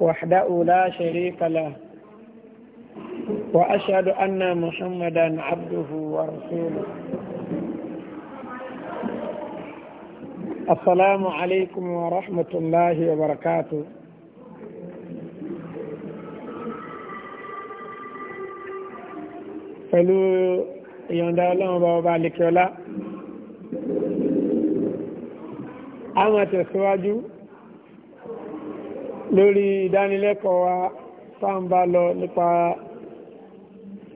وحده لا شريك له وأشهد أن محمدا عبده ورسوله السلام عليكم ورحمة الله وبركاته فلو ìyọ̀nda ọlọ́run bá ọba أما a lórí ìdánilẹ́kọ̀ọ́ wa sáàmbá lọ nípa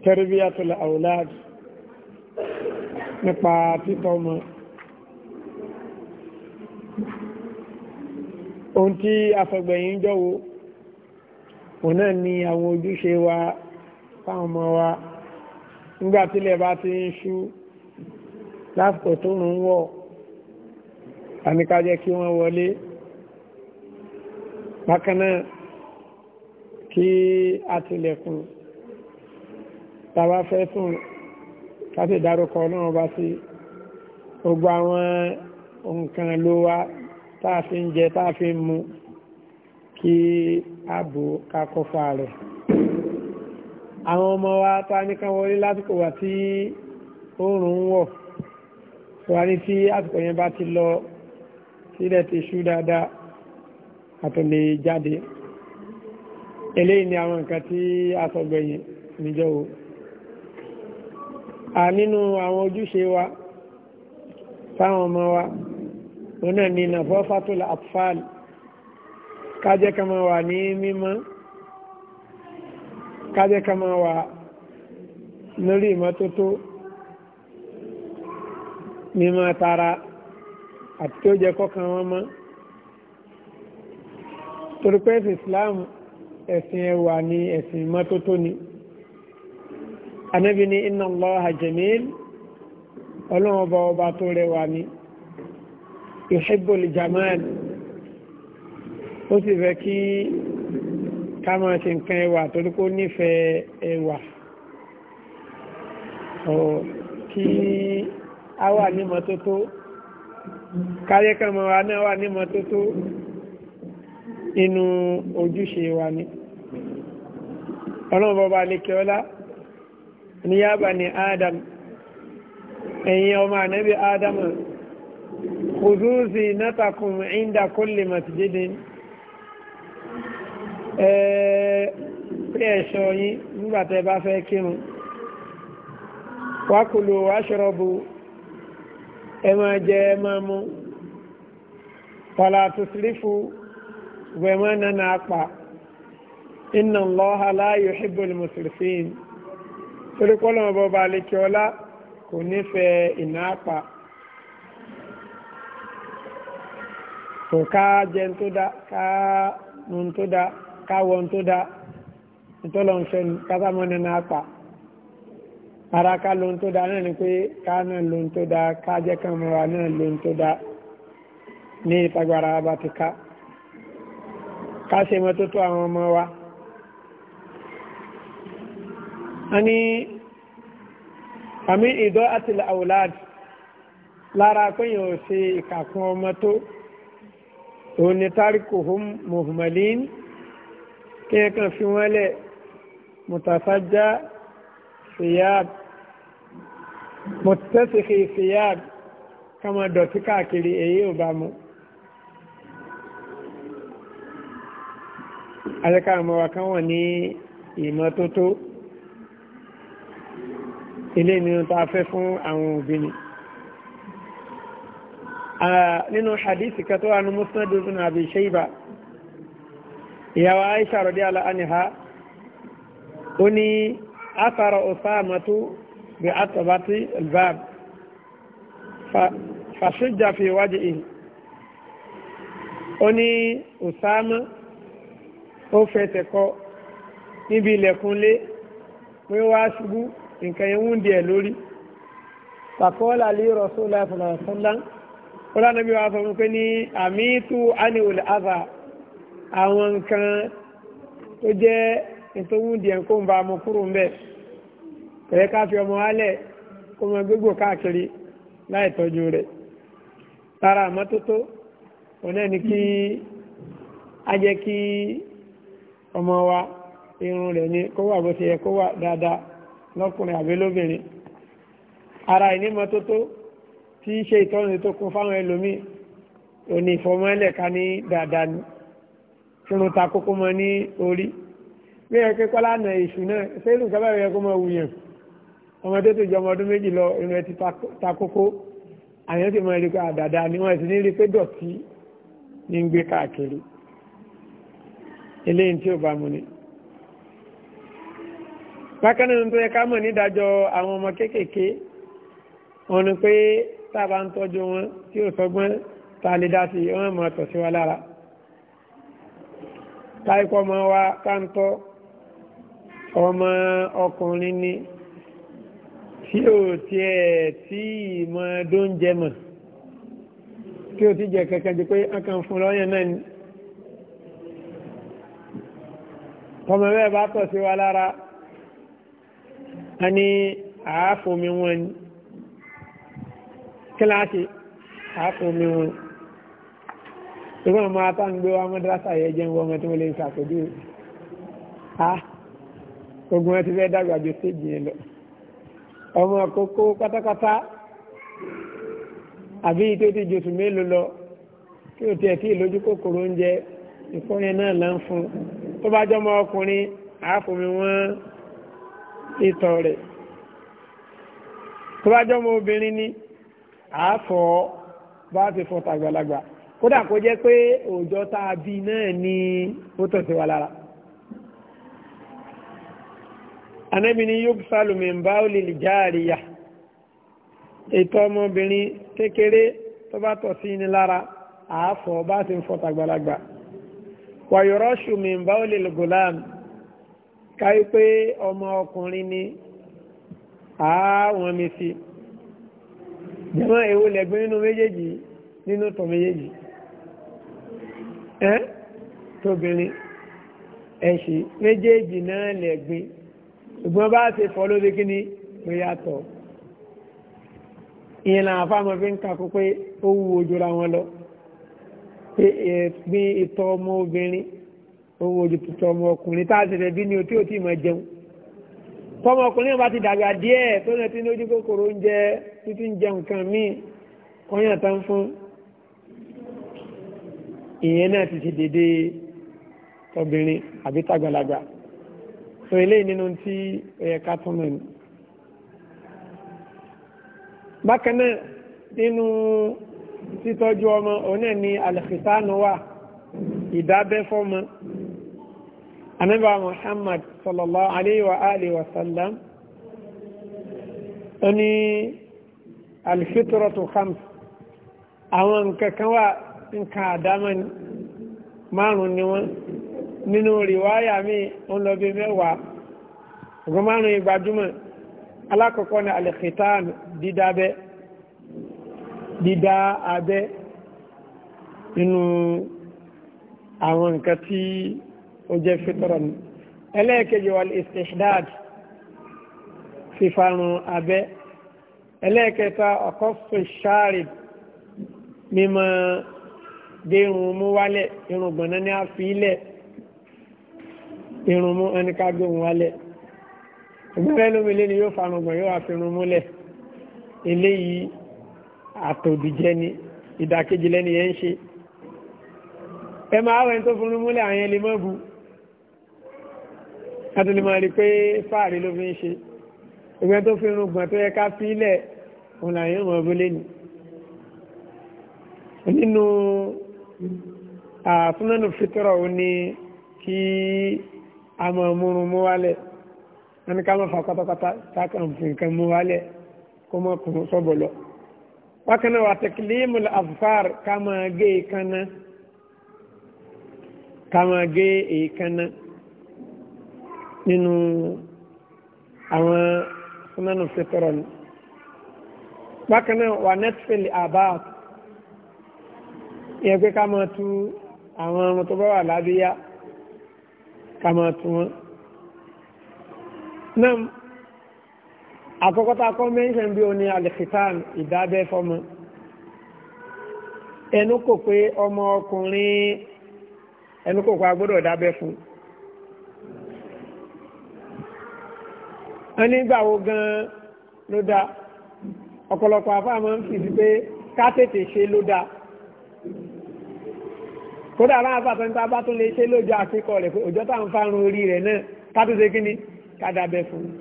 tarbiyatul awlad nípa títọ́ ọmọ ohun tí afẹ́gbẹ̀yìn jọ́wọ́ òun náà ni àwọn ojúṣe wa fáwọn ọmọ wa nígbàtílẹ̀ bá ti ń ṣú lásìkò tó rùn wọ̀ àníkájẹ́ kí wọ́n wọlé bákan náà kí a tilẹ̀kùn tàbá fẹ́ sùn káti ìdárúkọ náà bá sí gbogbo àwọn nǹkan ló wá táà fi ń jẹ táà fi ń mu kí ààbò kakọ́fà rẹ̀ àwọn ọmọ wa tá ní kan wọlé lásìkò wà tí oòrùn ń wọ̀ wà ní tí àsìkò yẹn bá ti lọ sílẹ̀ ti ṣú dáadáa àtúnlé jáde eléyìí ni àwọn nǹkan tí a sọ gbẹ̀yìn níjọ́ o a nínú àwọn ojúṣe wa fáwọn ọmọ wa wọn náà ni nàfọ́ fátúlà àpfààlì kájẹ́ ká máa wà ní mímọ́ kájẹ́ kama máa wà lórí ìmọ́tótó mímọ́ tara àti tó jẹ́ kọ́kàn wọn mọ́ torí pé ẹ̀sìn islam ẹ̀sìn ẹwà ni ẹ̀sìn mọ́tótó ni anábì ní inna Allaha jamil ọlọ́run ọba ọba tó rẹwà ni yuhibbul jamal ó sì fẹ́ kí ká máa ṣe nǹkan ẹwà torí pé nífẹ̀ẹ́ ẹwà kí a wà ní mọ́tótó káyẹ́kẹ́ mọ́ wa náà wà ní mọ́tótó inú ojúṣe wa ni ọlọ́run bọba alékẹ́ ọlá ní yába ni adam ẹ̀yin ọmọ ànábì adam kùdú zinatakum inda kulli masjidin pé ẹ̀ṣọ́ yín nígbàtẹ́ bá fẹ́ kírun wákùlù wáṣọ́rọ̀bù ẹ jẹ ẹ máa mu wàlá tusrifu bẹ̀mọ́ nana apá inna Allaha la yuhibbul musrifin torí pọ́lọ́mọ bọba àlekí ọlá kò nífẹ̀ẹ́ ìná apá tó ká jẹun tó dá ká nu tó dá ká wọ́n tó dá ìtọ́lọ́nṣẹ́ ni kásámọ́ nana apá ara ká lóhun tó dáa náà ni pé ká náà lóhun tó dáa ká jẹ́ kan mọ́ra náà lóhun tó dáa ní ìtagbára bá ti ká ká ṣe mọ́tótó àwọn ọmọ wa a ní àmì ìdọ́ àti àwòláàd lára pẹ́yìn ò ṣe ìkàkùn ọmọ tó òun ni tarikuhum muhmalin kí ẹ kàn fi wọ́n lẹ̀ mutasajja siyab mutasiki siyab kama dọ̀tí káàkiri èyí ò bá mu. ajẹ́ká ọmọ wa kan wọ̀n ní ìmọ́tótó ilé nínú tó afẹ́ fún àwọn obìnrin nínú hadisi kan tó wà ní musnad ibn abi shayba ìyàwó aisha radiyallahu anha ó ní afara usamatu bi atabati albab fashujja fi wajhihi ó ní usama ó fẹsẹ̀ kọ níbi ilẹ̀kùnlé pé wá ṣubú nǹkan yẹn wúndì ẹ̀ lórí fàkọ́ọ́lá lè rọ̀ṣọ́lá fúnlá ọlọ́nàbí wa fọ́n pé ní àmì tú ánìwòlè àbà àwọn nǹkan tó jẹ́ ìtòwúndì ẹ̀ kó ń ba ọmọ kúrò ń bẹ̀ kẹ̀yẹ́ ká fi ọmọ wálẹ̀ kó mọ gbégbò káàkiri láì tọ́jú rẹ̀ tara àmọ́tótó òun náà ni kí a jẹ́ kí ọmọ wa irun rẹ̀ ni kó wà bó ṣe yẹ kó wà dáadáa lọ́kùnrin àbí lóbìnrin ara ìnímọ́tótó tí í ṣe ìtọ́ni tó kún fáwọn ẹlòmíì òní ìfọmọ́lẹ̀ ká ní dáadáa ni fúnun ta kókó mọ ní orí bí ẹ kékọ́ lánàá èṣù náà sẹ́lù sábà yẹ kó mọ wùyàn ọmọdé tó jọ ọmọ ọdún méjì lọ irun ẹ ti ta kókó àyàn sì mọ ẹ̀rí pé ni wọ́n sì ní rí pé dọ̀tí ní ń gbé káàkiri eléyìn tí ó bá mú ni bákan náà tó yẹ ká mọ̀ nídàjọ́ àwọn ọmọ kéékèèké wọn ni pé tá a bá ń tọ́jú wọn tí ó sọgbọ́n ta lè dá sí wọn mọ̀ tọ̀ sí wa lára táìkọ́ ọmọ wa káńtọ́ ọmọ ọkùnrin ni tí ó tiẹ̀ tí ìmọ̀ dóúnjẹ mọ̀ tí ó ti jẹ́ kẹ̀kẹ́ jù pé a kàn fún lọ́yàn náà ni. tọmọ bẹ́ẹ̀ bá tọ̀ sí wa lára a ní àáfomi wọn ni kíláàsì àáfomi wọn ṣùgbọ́n àwọn atáǹgbé wa mọ́dásà yẹ jẹun wọ́n tí wọ́n lè ń sàkójú ogun ẹ ti fẹ́ dàgbà ju stéèjì yẹn lọ ọmọ kókó pátápátá àbí tó ti jòsù mélòó lọ kí o tiẹ̀ tí ìlójú kòkòrò oúnjẹ ìkọ́yẹn náà là fún un tó bá jọmọ ọkùnrin àáfòmí wọ́n ìtọ̀ rẹ̀ tó bá jọmọ obìnrin ni àáfọ̀ bá ti fọ́ tàgbàlagbà kódà kó jẹ́ pé òòjọ́ tá a bí náà ni ó tọ̀ sí wa lára anabi ni yóò sálù mẹ́mbà ó lè jáàríyà ètò ọmọbìnrin kékeré tó bá tọ̀ ni lára àáfọ̀ bá ti ń fọ́ tàgbàlagbà wàyọ̀rọ̀ṣù mìíràn ó lè gùlám káyí pé ọmọ ọkùnrin ni àwọn mi sí jẹ́mọ́ èwo lẹ́gbẹ́ nínú méjèèjì nínú tọ̀ méjèèjì ẹ́ tóbìnrin ẹ̀ṣì méjèèjì náà lẹ́gbin ṣùgbọ́n bá ṣe fọ́ lórí kí ni ó yàtọ̀ ìyẹn làwọn fáwọn fi ń kakú pé ó wù ojú wọn lọ pé ẹ̀pin ìtọ̀ ọmọ obìnrin ohun ojú tuntun ọmọ ọkùnrin tá a ṣẹ̀ṣẹ̀ bí ni o tí o tí mọ̀ jẹun tọmọ ọkùnrin náà bá ti dàgbà díẹ̀ tó náà ti ní ojú kòkòrò oúnjẹ títí ń jẹun kan míì kọ́yàn tán fún ìyẹn náà ti ṣe dédé tọbìnrin àbí tàgbàlagbà so eléyìí nínú tí ó yẹ ká tún mẹ́nu bákan náà nínú títọ́jú ọmọ oní ní alìkìtánù wà ìdábẹ́ fọ́mọ anábà Muhammad sallallahu alayhi wa alihi wa sallam ó ní alfitratu khams àwọn nǹkan kan wà nǹkan àdámọ́ márùn ni wọ́n nínú rìwáyà mi ń lọ bí mẹ́wàá ọgbọ́n márùn ìgbàjúmọ̀ alákọ̀ọ́kọ́ ni alìkìtánù dídábẹ́ dídá abẹ́ nínú àwọn nǹkan tí ó jẹ́ fítọ́rọ̀ ní ẹlẹ́ẹ̀kejì wà istihdad fífarun abẹ́ ẹlẹ́ẹ̀kẹta ọ̀kọ́sùn ṣáàrì mímọ dé irun mú wálẹ̀ irun gbọ̀nà ní àfihílẹ̀ irun mú ẹnìká gbóhùn wálẹ̀ ìgbẹ́rẹ́ lómi lé ni yóò farun yóò àfihàn múlẹ̀ eléyìí àtòdìjẹ́ ni ìdàkejì lẹ́ni yẹn ń ṣe ẹ máa wẹ́n tó fún múlẹ̀ àwọn ẹlẹ́ mọ́ bu láti lè máa rí pé fáàrí ló fi ń ṣe ìgbẹ́ tó fi rúgbọ̀n tó yẹ ká fílẹ̀ òun làyẹn mọ̀ ọbọ̀ lẹ́nu ni kí a mọ̀ múrun mú wálẹ̀ wọn ni ká mọ̀ fà pátápátá tákàn fi nǹkan mú kó mọ̀ kùn bákan náà wà tẹkílímù afkar ká máa gé èékánná ká máa gé èékánná nínú àwọn sunanu fitọrọ ni bákan náà wà netfili abat ìyẹn pé ká máa tú àwọn ọmọ tó àkọ́kọ́ta convention bí o ní alikitan ìdábẹ́ fọ́mọ ẹnu kò pé ọmọ ọkùnrin ẹnu kò pa gbọ́dọ̀ dábẹ́ fún wọn nígbà wo gan ló dá ọ̀pọ̀lọpọ̀ afá máa ń fìdí pé ká tètè ṣe ló dá kódà láwọn afá tẹ́ńtà bá tún lè ṣe lójú àfikọ́ rẹ̀ pé táwọn fárun orí rẹ̀ náà ká tó ṣe kí ni ká dábẹ́ fún un.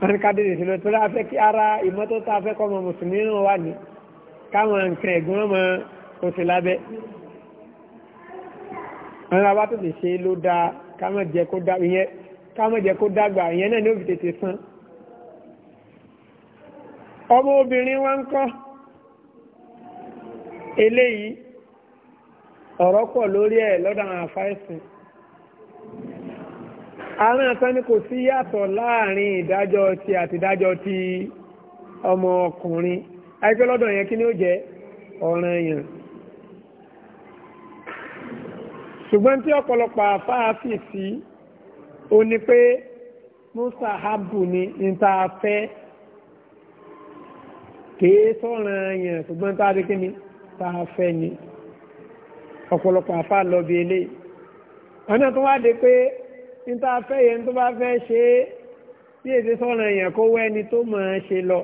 wọ́n ní ká dèdè sílẹ̀ tó láà fẹ́ kí ara ìmọ́tótó afẹ́ kọ́ ọmọ mùsùlùmí náà wà ní káwọn nǹkan ẹ̀gbọ́n ọmọ oṣù lábẹ́ wọ́n lábá tó lè ṣe ló dáa káwọn jẹ́ kó dàgbà ìyẹn náà ní òbí tètè san ọmọ obìnrin wa ń kọ́ eléyìí ọ̀rọ̀ pọ̀ lórí ẹ̀ lọ́dọ̀ àwọn àfáìsìn àwọn kan ní kò sí yàtọ̀ láàrin ìdájọ́ ti àti ìdájọ́ ti ọmọ ọkùnrin àìpẹ́ lọ́dọ̀ yẹn kí ni ó jẹ́ ọ̀ràn yẹn ṣùgbọ́n tí ọ̀pọ̀lọpọ̀ àfáàfì sí o ní pé musa habu ni ntaafẹ́ kìí sọ̀ràn yẹn ṣùgbọ́n tá a di kíni tá a fẹ́ ni ọ̀pọ̀lọpọ̀ àfáà lọ bí eléyìí ọ̀nà tó wá di pé níta fẹ́ yẹn tó bá fẹ́ ṣe é bí èdè sọ̀rọ̀ èèyàn kó wẹ́ ni tó mọ̀ ọ́n ṣe lọ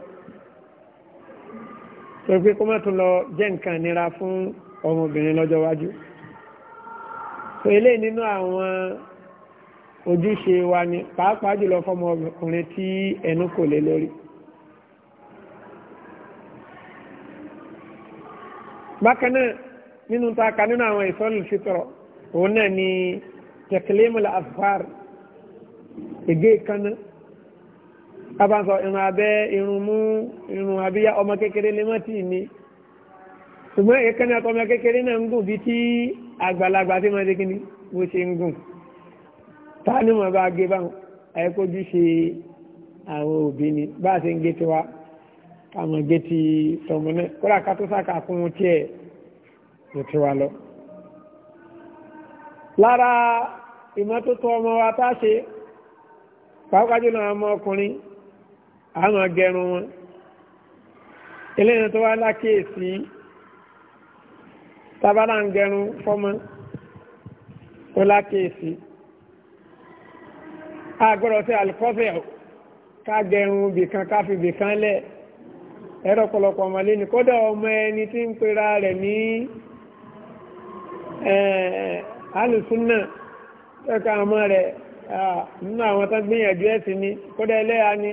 tó pé kó má tún lọ jẹ́ nǹkan nira fún ọmọbìnrin lọ́jọ́ iwájú so eléyìí nínú àwọn ojúṣe wa ni pàápàá jùlọ fọmọkùnrin tí ẹnu kò lé lórí. bákan náà nínú ta ka nínú àwọn ìsọ́nù fìtọ̀rọ̀ òun náà ni tẹ̀kílẹ́mùlà afar ègé kaná abáǹsọ irun abẹ́ irun mú irun abíyá ọmọ kékeré lẹ́mọ́tì ni ṣùgbọ́n èké náà tọmọ kékeré náà ń gùn bí tí àgbàlagbà tí máa dé kíní bó ṣe ń gùn ta ni mo bá gé báwọn àyẹkójú ṣe àwọn òbí ni bá a ṣe lára ìmọ́tótó ọmọ wa tá ṣe pàápàá jùlọ ọmọ ọkùnrin àmọ́ gẹrun wọn eléyìí tó wá lákèésí tábàlà ń gẹrun fọ́mọ ó lákèésí agbọ́dọ̀ sí alikọ́fẹ́ ká gẹrun bìkan ká fi bìkan lẹ̀ ẹ̀rọ pọ̀lọpọ̀ ọmọlé ni kódà ọmọ ẹni tí ń pera rẹ̀ ní ẹ̀ alùsùnà ẹ̀ka àmọ́ rẹ̀ nínú àwọn tó gbìyànjú ẹ̀sìn ni kódà ẹlẹ́yà ni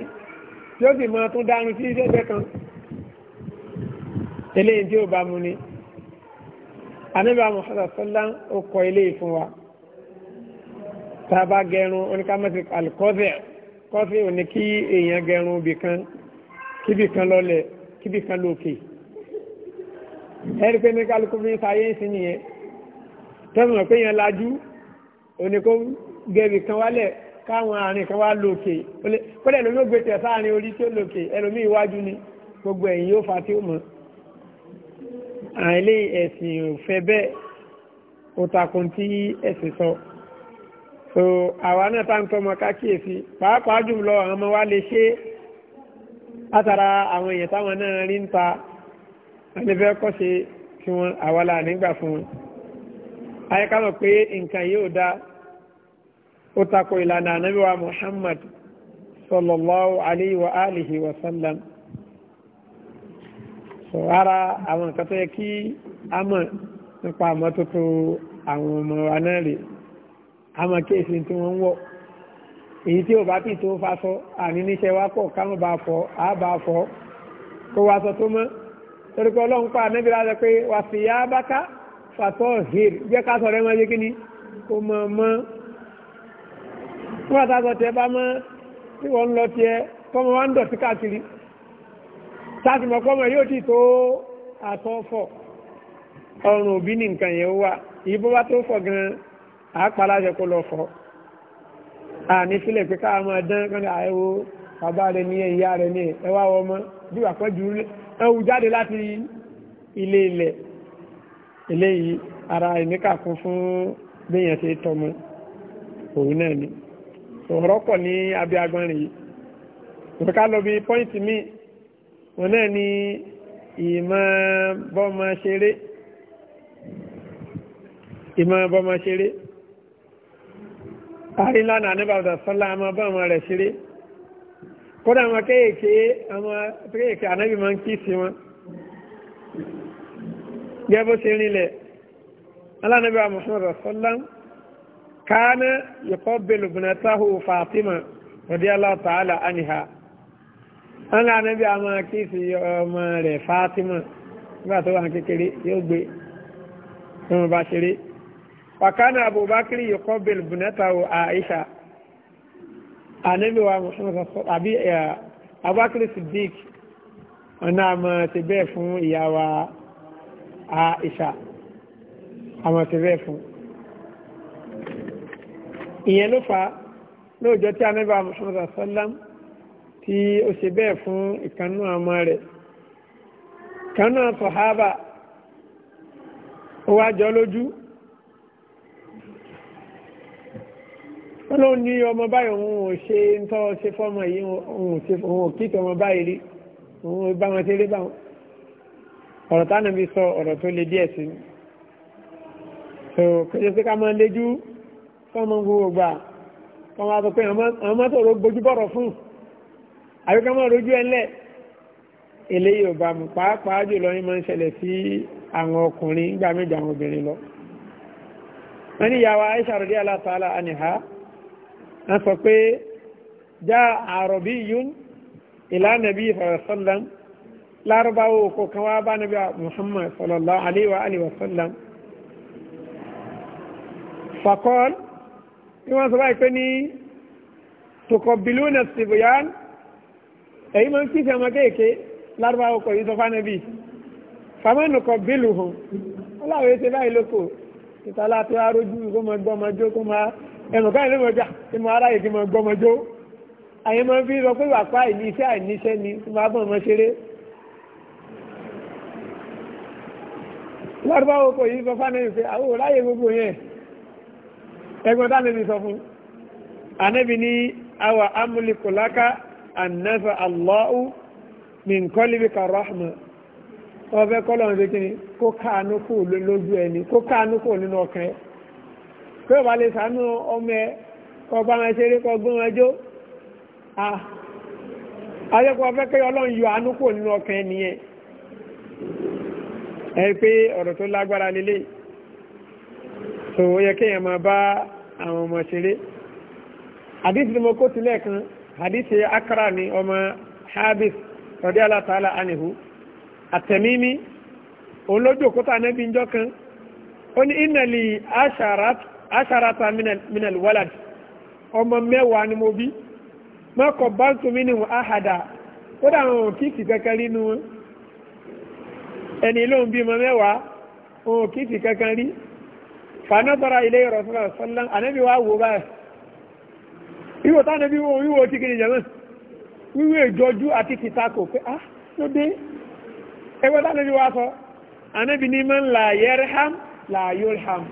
tí ó sì máa tún dánu sí iṣẹ́ kan eléyìí tí ó bá mu ni anábà Muhammad sọ́lá ó kọ eléyìí fún wa tá a bá gẹrun oníkàmọ́sí alikọ́fẹ́ kọ́fẹ́ ò ní kí èèyàn gẹrun bìkan kíbìkan lọlẹ̀ kíbìkan lókè ẹ̀rí pé ní kálukú fi ń nìyẹn tẹ́mọ̀ pé yẹn lajú oníkó gẹ̀bì kan wálẹ̀ káwọn àárín kan wá lókè kódà lómi ò gbẹ̀tẹ̀ sáàrin orí tí ó lókè ẹlòmí iwájú ni gbogbo ẹ̀yìn yóò fa tí ó mọ̀ àìlé ẹ̀sìn ò fẹ́ bẹ́ẹ̀ ó takun tí ẹ̀sìn sọ so àwa náà tá ń tọmọ kákíyèsí pàápàá jùlọ àwọn ọmọ wa lè ṣe látara àwọn èèyàn táwọn náà rí ń ta ẹni fẹ́ kọ́ ṣe tí wọ́n àwa là nígbà fún wọn. ayé kama mọ̀ pé nǹkan yìí ò dá ó takò ìlànà ànábì wa Muhammad sallallahu alayhi wa alihi wa sallam so ara àwọn nǹkan tó yẹ kí a mọ̀ nípa àmọ́tótó àwọn ọmọ wa náà rè a mọ̀ kéèsì tí wọ́n ń wọ̀ èyí tí ò bá tì tó àní níṣẹ́ wa pọ̀ káwọn bá fọ a bá fọ kó wa sọ tó mọ́ torí pé ọlọ́run wa pé fàtọ́ hìr jẹ́ ká sọ̀rọ̀ ẹmọ ẹjẹ́ kíní kó mọ̀ mọ́ fún àtàkọ̀ tẹ bá mọ́ tí wọ́n lọ tiẹ kọ́mọ wá ń dọ̀tí káàkiri sáàtì mọ̀ kọ́mọ yóò ti tó àtọ́fọ̀ ọrùn òbí ní nǹkan yẹn wà ìbó bá tó fọ̀ gan àápàláṣẹ kó lọ fọ̀ àní sílẹ̀ pé káà máa dán kán ní àẹwo bàbá rẹ̀ ní ìyá rẹ̀ ní ẹwà ọmọ bí wà pẹ́ jù ẹwù jáde láti ilé ilẹ̀ eléyìí ara ìníkàkún fún béèyàn ṣe tọmọ òun náà ni ọ̀rọ̀ pọ̀ ní abẹ́ agbọ́nrin yìí òkà lọ bí pọ́ìntì míì wọn náà ni ìmọ̀ bọ́mọ ṣeré ìmọ̀ bọ́mọ ṣeré àrílànà àníbàbà sọ́lá àmọ́ bọ́mọ rẹ̀ ṣeré kódà àwọn kéèké àwọn kéèké ànábì máa ń kí sí wọn gẹ́gẹ́ bó ṣe rinlẹ̀ alánàbí wa muhammadu sallam kaana yuqabbilu ibnatahu fatima radiyallahu ta'ala anha alánàbí àwọn akíyèsí ọmọ rẹ̀ fatima nígbà tó wà kékeré yóò gbé ọmọ bá ṣeré wàkánà abubakar yuqabbilu ibnatahu aisha anabi wa muhammadu àbí eh, abubakar siddiq ọ̀nà àmọ́ ti bẹ́ẹ̀ fún ìyá wa. Aisha àwọn ti bẹ́ẹ̀ fún ìyẹn ló fà lóòjọ́ tí anábà Muhammad sallam tí ó ṣe bẹ́ẹ̀ fún ìkanú àmọ́ rẹ̀ kanú sàhábà ó wá jọ lójú ọlọ́run ní ọmọ báyìí òun ò ṣe ń tọ́ ṣe fọ́mọ yìí òun ò kíkọ ọmọ báyìí rí òun ò bá wọn ṣeré báwọn ọ̀rọ̀ tánà bí sọ ọ̀rọ̀ tó lè díẹ̀ sí so kéde sí ká máa léjú fọ́mọ gbogbo gbà wọ́n máa sọ pé àwọn mọ́tò ro gbójú bọ̀rọ̀ fún àbí ká máa rojú ẹlẹ́ eléyìí ò bá mu pàápàá jùlọ ní máa ń ṣẹlẹ̀ sí àwọn ọkùnrin nígbà méjì àwọn obìnrin lọ wọ́n ní ìyàwó Aisha rọ̀dí aláàtàlá àníhá wọ́n sọ pé já àrọ̀bí yún ìlànà bí ìfọ̀rọ̀sọ́lám lárúbáwò kọ̀ọ̀kan wá bá nàbí muhammad sallallahu alayhi wa alihi wa sallam fakọ́l ní wọ́n sọ báyìí pé ní tukọ̀bìlúnà sibuyan èyí máa ń kí sẹ́mọ́ kéèké lárúbáwò kọ̀ yìí sọ fún nàbí famẹ́nu kọ̀ bílù hàn ọláwọ̀ yìí ṣe báyìí lóko ìtàlá tó arójú kó máa gbọ́ ọmọ jó kó máa ẹnu káyọ̀ ló máa gbà kí mo aráyè kí mo gbọ́ ọmọ jó àyẹ̀mọ́ fi sọ pé wàá pa àìníṣẹ́ àìníṣẹ́ ni mo máa bọ̀ ọmọ ṣeré lọ́dọ́báwò kò yìí sọ fánẹ́bì pé àwọn òláyè gbogbo yẹn ẹgbọ́n tánẹ́bì sọ fún anẹ́bì ní àwà amúlikùláka annafa allahu min kọlibika rahma ọbẹ̀ kọlọ̀ ní kó yọ nínú ẹ pé ọ̀rọ̀ tó lágbára lélẹ̀ so ó yẹ kéèyàn máa bá àwọn ọmọ ṣeré hadith ni mo kó kan hadith akara ni ọmọ habis radiyallahu ta'ala anhu àtẹ̀mímí olójú òkúta nẹ́bí njọ́ kan ó ní ìnàlì aṣàràtà minal walad ọmọ mẹ́wàá ni mo bí mọ́kọ̀ bá ń tún mí níwọ̀n áhàdà ó dà àwọn òkìkì kẹ́kẹ́ ẹni lóun bímọ mẹ́wàá òun kì í ti kankan rí fanadara ilé ìrọ̀sọ́lá sọ́lá anábì wá wò báyìí ìwò tánábì wò wíwò tí kìíní jẹ́mọ́ wíwò ìjọjú àti tìtakò pé á ah, ló dé ẹgbẹ́ tánábì wá sọ anábì ní mọ́ la yerham la yorham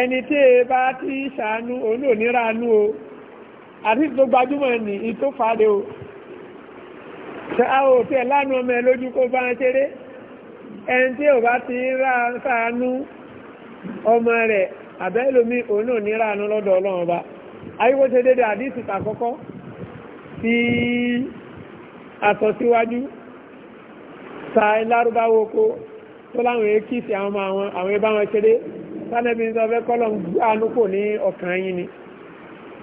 ẹni tí e bá ti ṣàánú òun ò ní ra àánú o àti tó gbajúmọ̀ ní ìtòfàdé o àwọn òfin ẹ̀lánà ọmọ ẹ̀ lójú kó bá ń ṣeré ẹni tí ò bá ti rà sáánú ọmọ rẹ̀ àbẹ́lómi òun náà ní ràánú lọ́dọ̀ ọlọ́run ọba ayíwó ṣe dédé àdísì àkọ́kọ́ tí àtọ̀síwájú sa lárúbáwó oko tó láwọn èkìtì àwọn àwọn ẹbá wọn ṣeré sánẹ́bí ń sọ fẹ́ kọ́lọ̀ ń gbáàánú kò ní ọkàn yín ni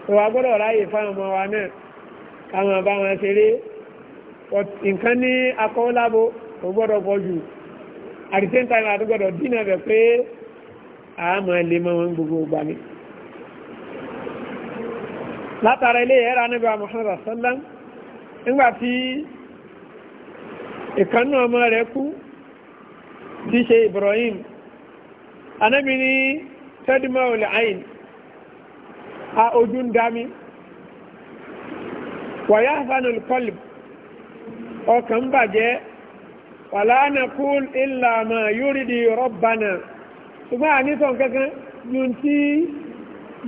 òwà gbọ́dọ̀ ráyè fáwọn ọmọ wa náà káwọn bá wọn ṣeré nǹkan ní akọ́lábo kò gbọ́dọ̀ pọ̀ jù at the same time dínà rẹ̀ pé àmọ́ ilé mọ́ wọn gbogbo gbà ní. látara ilé ẹ̀rọ níbi Muhammad sallam nígbà tí ìkànnì ọmọ rẹ̀ kú tí ṣe Ibrahim anábì ní tẹ́dùmọ́ olè a ojú ń dá mi wàyá fanul ọkàn ń bàjẹ́ wàláánà kúl ìlàmà yúrìdì rọ́bànà ṣùgbọ́n àníṣàn kankan yun tí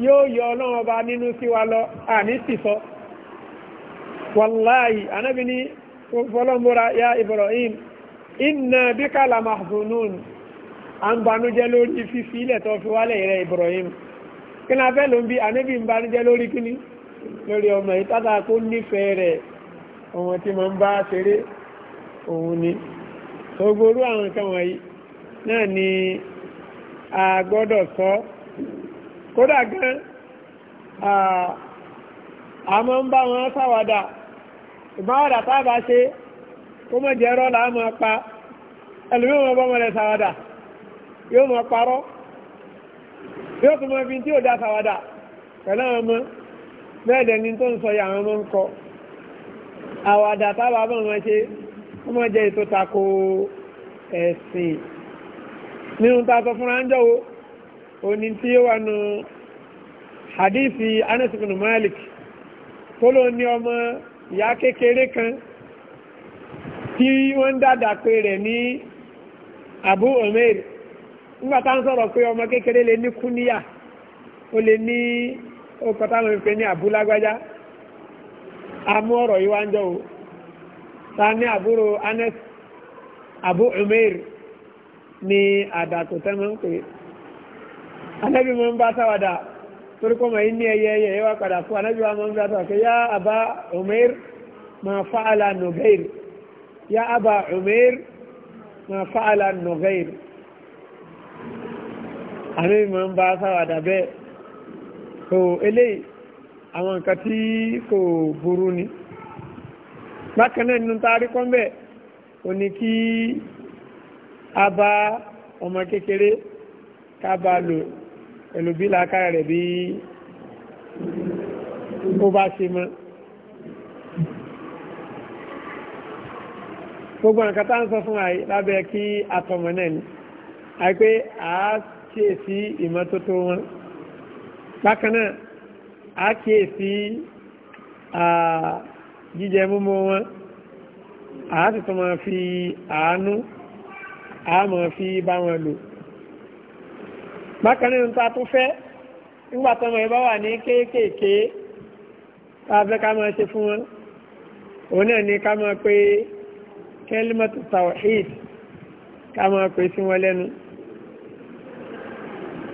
yóò yọ ọlọ́run ọba nínú sí wa lọ àní sì sọ wàláyì anábì ní fọlọ́múra ya Ibrahim inna bíkà lamahzunun à ń banújẹ́ lórí fífi ilẹ̀ tó fi wálẹ̀ rẹ̀ Ibrahim kí ni a fẹ́ ló ń bí anábì ń banújẹ́ lórí kíní lórí ọmọ ìtàtà kó nífẹ̀ẹ́ rẹ̀ ohun tí ma ń bá ṣeré òun ni tó gbórú àwọn nǹkan wọ̀nyí náà ni a gbọ́dọ̀ sọ kódà gan a máa ń bá wọn ṣàwàdà ìbáwàdà tá a bá ṣe kó mọ̀ jẹ́ rọ́ọ̀lá máa pa ẹlòmíràn wọn bọ́ mọ̀lẹ́ ṣàwàdà yóò máa parọ́ yóò tún máa fi tí ò dá ṣàwàdà pẹ̀lú àwọn ọmọ bẹ́ẹ̀ dẹni tó ń sọ yà àwọn ọmọ ń kọ́ àwàdà tábà bọ̀ wọn ṣe ó jẹ́ ètò tako ẹ̀sìn nínú tàtọ̀ fúnra ń o òní tí ó wà nù hadithi Malik tó ní kan tí wọ́n dàdà pé rẹ̀ Abu Umair nígbàtá ń sọ̀rọ̀ pé ọmọ kékeré lè ní kúníyà o lè ní ó kọtà ní amú ọ̀rọ̀ yìí wá ń jọ o ta ní àbúrò Anas Abu Umair ní àdàtò tẹ́mọ̀ ń pè anábì mọ́ ń bá sáwàdà torí kọ́ mọ̀ yí ní ẹyẹ ẹyẹ wá padà fún anábì wa mọ́ ń bá sáwàdà yá Aba Umair ma fa'ala Nugair yá Aba Umair ma fa'ala Nugair anábì mọ́ ń bá sáwàdà bẹ́ẹ̀ àwọn nǹkan tí kò burú ni bákan náà nínú taari kan bẹ́ẹ̀ ò ní kí a bá ọmọ kékeré ká bá lò pẹ̀lú bí làákàrà rẹ̀ bí ó bá ṣe mọ́. gbogbo nǹkan tá ń sọ fún àyí lábẹ́ kí atọmọ náà ni àìpé àá ṣe sí ìmọ́tótó wọn bákan àkíyèsí jíjẹ múmú wọn a sì tún máa fi àánú a máa fi bá wọn lò bákan nínú ta tó fẹ́ nígbà tọmọ ẹ bá wà ní kéékèèké tá a fẹ́ ká máa ṣe fún wọn òun náà ni ká máa pé kẹlímọ̀tò tawhid ká máa pè sí wọn lẹ́nu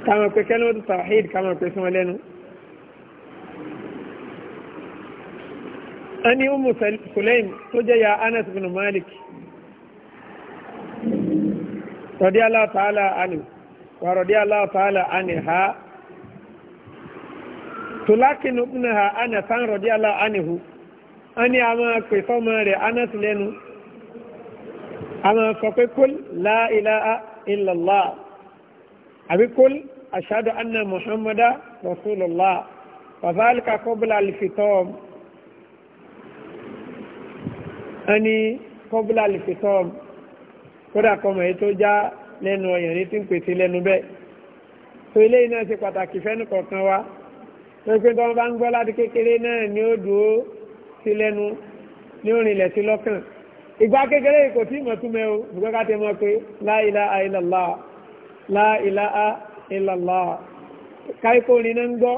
ká máa pé kẹlímọ̀tò tawhid ká máa pè sí wọn lẹ́nu. ẹni umu sulaim tó jẹ́ ya anas bin malik radiyallahu ta'ala anhu wa radiyallahu ta'ala anha tulakinu ibnaha anasan radiyallahu anhu ẹni a máa pè sọ́mọ rẹ̀ anas lẹ́nu a máa sọ pé kúl la ilaha illallah àbí kúl ashhadu anna muhammada rasulullah wa zalika qabla al-khitab wọ́n ní kọ́bùlà lè fi tọ́ kódà kọmọ̀ èyí tó já lẹ́nu ọyàn ní tí ń pèsè lẹ́nu bẹ́ẹ̀ tó ilé iná ṣe pàtàkì fẹ́nu kọ̀ọ̀kan wa tó pé tó wọ́n bá ń gbọ́ láti kékeré náà ni ó dúró sí lẹ́nu ní orin ilẹ̀ sí lọ́kàn ìgbà kékeré kò tí mọ̀ túmẹ̀ o ṣùgbọ́n ká ti mọ̀ pé la ilaha illallah la ilaha illallah káíkó ni náà ń gbọ́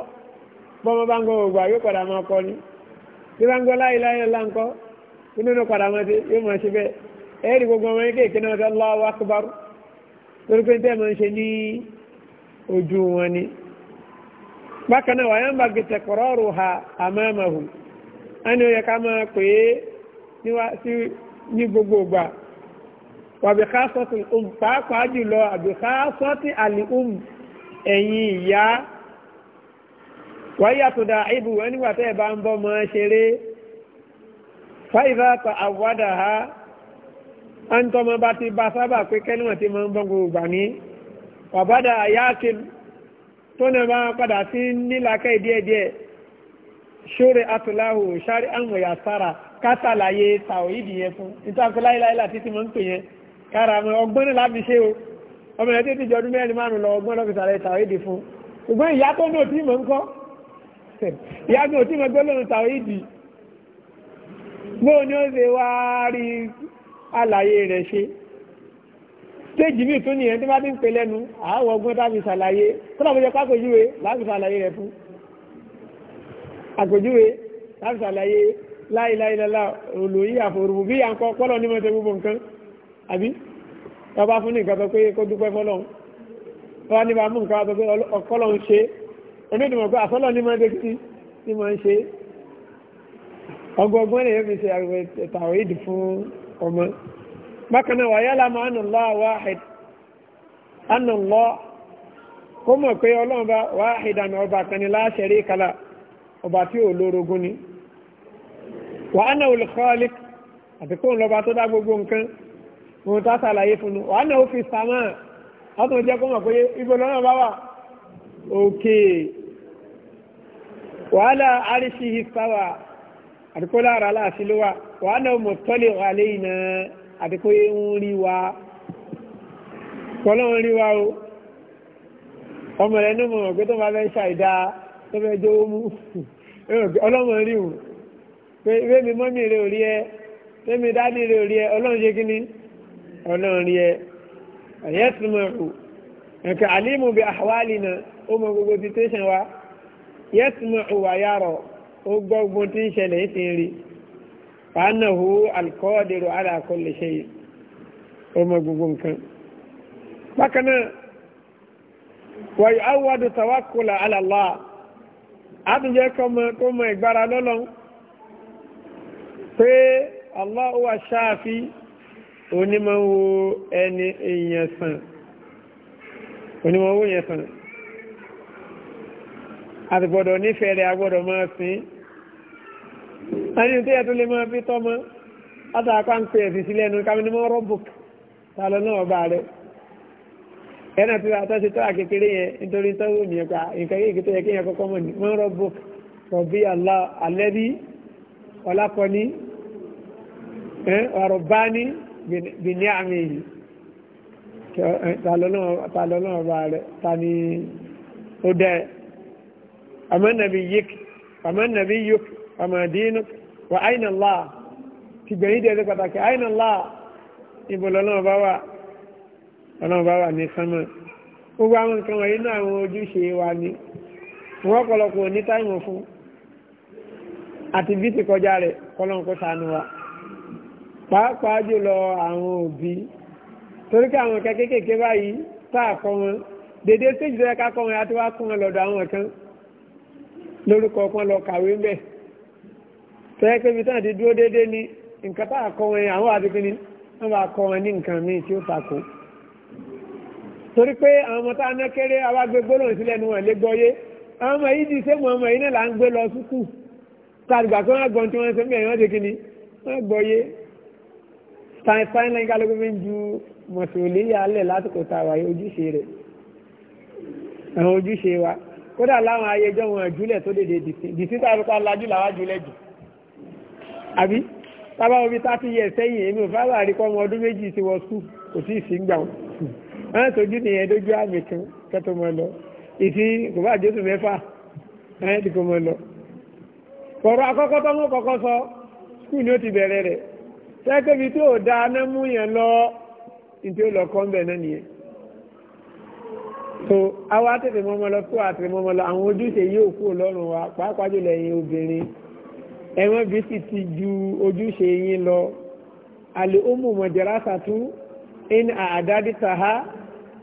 bọ́mọ bá ń gbọ́ gbogbo àyè padà máa kọ ni bí bá ń gbọ́ la ilaha illallah ńkọ́ inu n'o padà máa ṣe yóò máa ṣe bẹ́ẹ̀ ẹ̀ẹ́dì gbogbo ọmọ yẹn kéèké náà Allahu akbar torí pé tẹ́ẹ̀ máa ń ṣe ni bákan náà wàyà ń bá ha àmàmàhù a ní ó yẹ ká máa pè é ní gbogbo um um da ma fáìzà ta àwádà ha a ń tọ́mọ bá ti bá sábà pé kẹ́límà ti máa ń bọ́n gbogbo gbà ní wàbádà àyáàkì tó náà bá padà sí nílàkẹ́ díẹ̀díẹ̀ ṣóre atúláhù ṣáre àwọn èèyàn sára kátàlàyé tàwídì yẹn fún nítorí láìláìlà títí máa ń pè yẹn kára àwọn ọgbọ́n náà láti ṣe o ọmọ ẹ̀ títí jọdún mẹ́rin márùn lọ ọgbọ́n lọ́fíìsà rẹ̀ tàwídì fún ṣùgbọ́n ìyá tó náà tí mò ń kọ́ ìyá tó náà tí mò ń gbọ́ lónìí tàwídì bóò ni ó ṣe wá rí àlàyé rẹ̀ ṣe stéèjì míì tún nìyẹn tí bá ti ń pè lẹ́nu àáwọ̀ ọgbọ́n tàbí ṣàlàyé tó náà mo jẹ pápòjúwe láti ṣàlàyé rẹ̀ fún àpòjúwe láti ṣàlàyé láìláìlọ́lá olóyí àforúbù bí à ń kọ́ pọ́lọ̀ ní mọ́tẹ́ gbogbo nǹkan àbí tọba fún nìkan tó pé kó dúpẹ́ fọ́lọ̀ tọba nípa mú nǹkan tó pé ọkọ́lọ̀ ń ṣe onídìmọ̀ pé àsọ́lọ̀ ní mọ́tẹ́ kí ní mọ́ ń ṣe ọgbọ̀gbọ́n lè fi ṣe àrùwẹ̀ di fún ọmọ bákan náà wàyá lámà anna wahid anna Allah kó mọ̀ pé ọlọ́run bá wahidan ọba la ọba tí ò lórogún wa anna al àti kóun lọ́ba tó dá gbogbo nǹkan mo wa anna fi sàmà ọtún jẹ́ kó mọ̀ pé ibo lọ́nà bá wà àdìkó lára aláàfin ló wà wàá náà mọ̀ tọ́lẹ̀ wàlẹ́ yìí náà àdìkó ń rí wa kọ́lọ́run rí wa o ọmọ rẹ̀ ní mọ̀ pé tó máa fẹ́ ṣàìdá tó fẹ́ jó mú ọlọ́mọ rí o pé rémi mọ́mí rẹ̀ ò rí ẹ rémi dádì rẹ̀ ò rí ẹ ọlọ́run ṣe kíní ọlọ́run rí ẹ ẹ̀yẹ́ tún mọ̀ o nǹkan àlímù bíi àwálì náà ó mọ gbogbo situation wa yẹ́ tún mọ̀ o ó gbọ́ ogun tí ń ṣẹlẹ̀ yìí ti rí fàánàhù alkọ́ọ̀dẹ̀rọ aláàkọlẹ̀ ṣe ọmọ gbogbo nǹkan bákanáà wàyí awọ́dù tàwákùlà alàlá àdùjẹ́ kó mọ ìgbára lọ́lọ́ pé Allahu wa onímọ̀wó ẹni èèyàn onímọ̀wó yẹn àti gbọ́dọ̀ nífẹ̀ẹ́ rẹ̀ agbọ́dọ̀ máa sìn ẹni tí ẹ̀tún lè máa bí tọ́mọ́ látàkà ń pè ẹ̀sì sílẹ̀ ẹnu kàmí ní mọ́ rọ́bùk tààlọ́ náà bá rẹ̀ ẹ̀nà tí wọ́n tọ́sí tọ́ra kékeré yẹn nítorí tọ́wọ́ ènìyàn pa nǹkan yìí tó yẹ kí yẹn kọ́kọ́ mọ̀ ní mọ́ rọ́bùk rọ̀bí alẹ́bí ọlákọ́ni ọ̀rọ̀bání bìní àmì yìí tààlọ́ náà bá rẹ̀ ta ni ó dẹ́ àmọ́ nàbí yìí ọmọdéínú wà àìnàlá ti gbẹ̀yìn dẹ̀ ṣe pàtàkì àìnàlá ibo lọ́lọ́run bá wà ọlọ́run bá wà ní sánmà gbogbo àwọn nǹkan wọ̀nyí náà àwọn ojúṣe wa ni wọ́n pọ̀lọpọ̀ ní táìmù fún àti bí ti kọjá rẹ̀ kọ́lọ́run kó wa pàápàá jùlọ àwọn òbí torí kí àwọn kan kéékèèké báyìí tá a kọ́ wọn dédé séjì tó yẹ ká kọ́ wọn àti wá kọ́ wọn lọ́dọ̀ àwọn kan lórúkọ kan kàwé mbẹ́ tọ́yẹ́ pé ibi tán àti dúró déédéé ní nǹkan tá àkọ́ wọn àwọn àdìgbì ni wọ́n bá kọ́ wọn ní nǹkan míì tí ó takò torí pé àwọn ọmọ tá a ná kéré awágbé gbólóhùn sílẹ̀ ni wọ́n lé gbọ́yé àwọn ọmọ yìí di sẹ́mu ọmọ yìí náà là ń gbé lọ sùkú tàdùgbà pé wọ́n gbọ́n tí wọ́n ṣe mẹ́rin wọ́n ti kíni wọ́n gbọ́yé steinlein kálukú ń ju mọ̀sùlùmí àbí tábà omi thirty years sẹ́yìn èmi ò fábà rí kọ́ ọmọ ọdún méjì ti wọ skul kò sí ìsìngbà wọn wọn tójú nìyẹn dójú àmì kan kẹtọ mọ lọ ìsì kò bá jésù mẹ́fà ẹ dìgbò mọ lọ. kọ̀rọ̀ akọ́kọ́ tọ́mọ́ kọ́kọ́ sọ skul ni ó ti bẹ̀rẹ̀ rẹ̀ sẹ́kẹ́bi tí ò da anámú yẹn lọ ní tí ó lọ kọ́ ń bẹ̀ náà nìyẹn. so àwa tètè mọ́mọ́ lọ tó àtẹ̀mọ́mọ́ lọ àwọn ojúṣe yìí ò kú ọlọ́run wa pàápàá jùlọ ẹ̀yin obìnrin ẹ̀wọ̀n bí sì ti ju ojúṣe yín lọ àlè ọmọ mọ̀jẹ̀rásà tún in àádádìta ha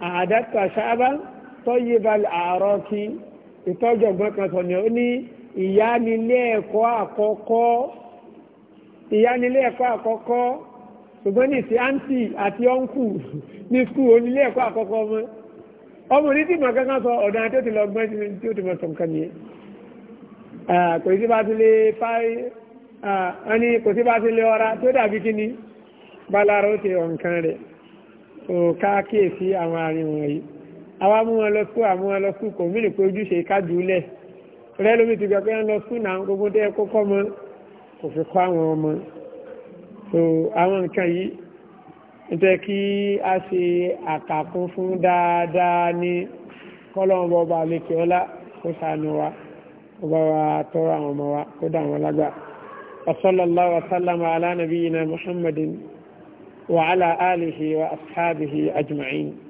àádádìta ṣáábà tọ́yé balẹ̀ àárọ̀ kí ìtọ́jú ọ̀gbọ́n kan sọ ni ó ní ìyánilé ẹ̀kọ́ àkọ́kọ́ ìyánilé ẹ̀kọ́ àkọ́kọ́ ṣùgbọ́n ní ìsí àǹtì àti ọ́nkù ní skul onílé ẹ̀kọ́ àkọ́kọ́ mọ́ ọmọ ní kankan sọ ọ̀dọ̀ àti ó ti lọ gbọ́n tí ó ti mọ̀ sọ̀kan nìyẹn kò sí bá ti lè fáyé wọ́n ní kò sí bá ti lè ọra tó dàbí kí ni bálára ó ti ọ̀nkan rẹ̀ ò káàkiri àwọn àárín wọ̀nyí àwa mú wọn lọ sùn àmú wọn lọ sùn kò mílì pé ojúṣe kájúlẹ̀ rẹ lómi ti gbà pé wọn lọ sùn náà gbogbo tẹ kókó mọ kò fi kọ́ àwọn ọmọ so àwọn nǹkan yìí ń tẹ́ kí a ṣe àkàkún fún dáadáa ní kọ́lọ́ọ̀bọ̀ balẹ̀ kó sànù wa. وصلى الله وسلم على نبينا محمد وعلى آله وأصحابه أجمعين